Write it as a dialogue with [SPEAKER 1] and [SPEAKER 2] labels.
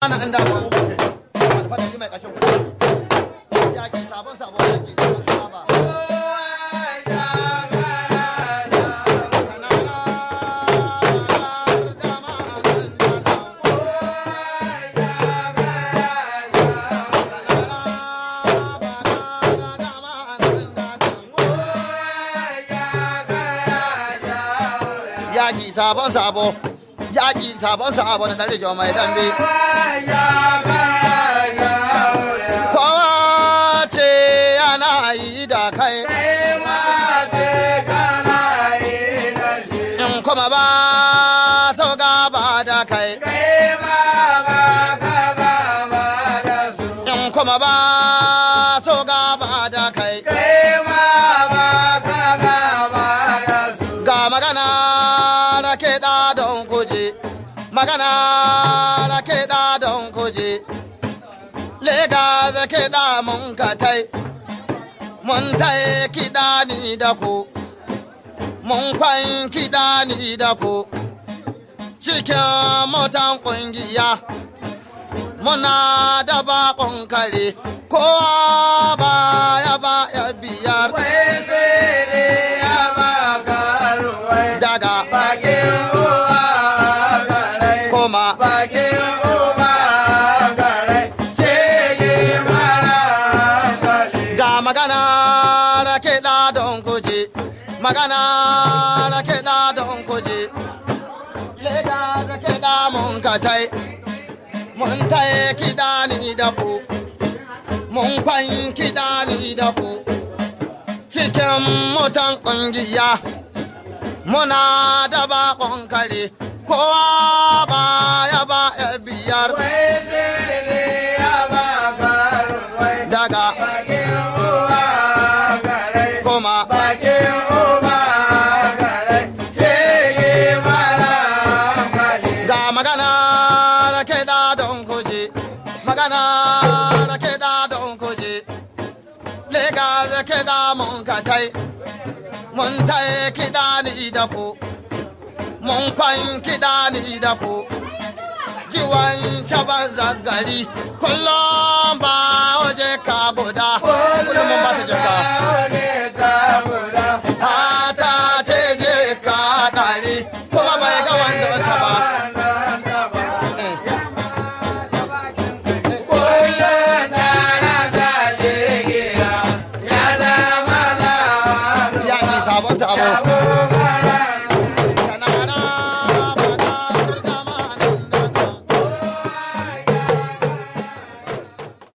[SPEAKER 1] 呀鸡撒布撒布。yaƙi sabon sa'a bana na rijo mai dambe. Kowa ce yana yi da kai. In kuma ba sau gaba da kai. In kuma ba kuje magana da kiɗa don kuje lega da mun ka tai mun tai da ni da ku mun kwan da ni da ku cikin mutan ƙungiya muna da bakon kare kowa baya don kuje magana da kiɗa don kuje lega da mun katai mun tai da ni da mun kwan da ni da ku cikin mutan ƙungiya muna da baƙon kare kowa ba ya ba biyar. goma. Bakin uba garai, jirgi mara hankali. Ga magana rake da don kuje, magana rake da don kuje. Lega rake da mun ka tai, mun tai kiɗa ni da ku, mun kwan kiɗa ni da ku. Jiwan caban zagari, kullum ba waje ka buda. show.